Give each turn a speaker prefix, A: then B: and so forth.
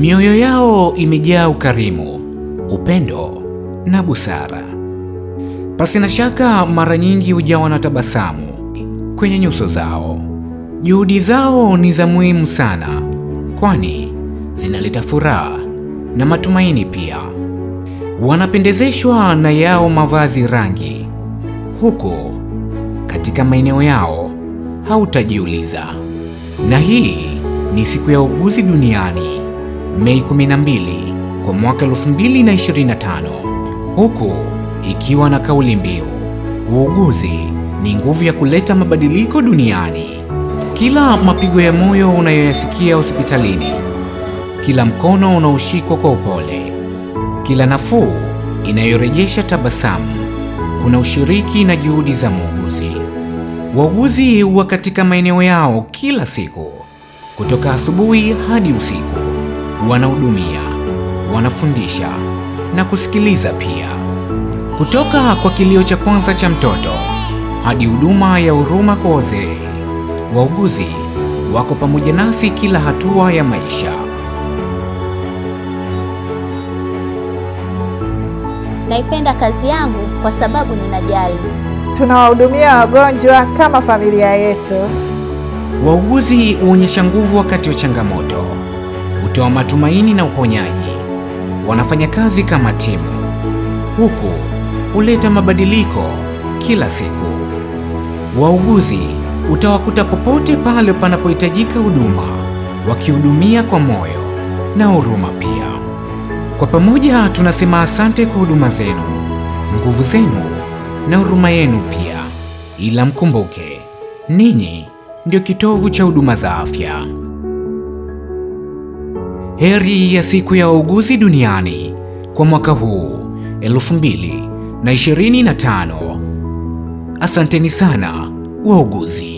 A: Mioyo yao imejaa ukarimu, upendo na busara. Pasina shaka, mara nyingi hujawa na tabasamu kwenye nyuso zao. Juhudi zao ni za muhimu sana, kwani zinaleta furaha na matumaini pia. Wanapendezeshwa na yao mavazi rangi, huku katika maeneo yao hautajiuliza. Na hii ni siku ya uguzi duniani. Mei 12 kwa mwaka 2025, huku ikiwa na kauli mbiu uuguzi ni nguvu ya kuleta mabadiliko duniani. Kila mapigo ya moyo unayoyasikia hospitalini, kila mkono unaoshikwa kwa upole, kila nafuu inayorejesha tabasamu, kuna ushiriki na juhudi za muuguzi. Wauguzi huwa katika maeneo yao kila siku, kutoka asubuhi hadi usiku wanahudumia, wanafundisha na kusikiliza pia. Kutoka kwa kilio cha kwanza cha mtoto hadi huduma ya huruma kwa wazee, wauguzi wako pamoja nasi kila hatua ya maisha.
B: Naipenda kazi yangu kwa sababu ninajali.
C: Tunawahudumia wagonjwa kama familia yetu.
A: Wauguzi huonyesha nguvu wakati wa changamoto hutoa matumaini na uponyaji. Wanafanya kazi kama timu, huku huleta mabadiliko kila siku. Wauguzi utawakuta popote pale panapohitajika huduma, wakihudumia kwa moyo na huruma pia. Kwa pamoja tunasema asante kwa huduma zenu, nguvu zenu na huruma yenu pia, ila mkumbuke ninyi ndio kitovu cha huduma za afya. Heri ya siku ya wauguzi duniani kwa mwaka huu 2025. Asanteni sana wauguzi.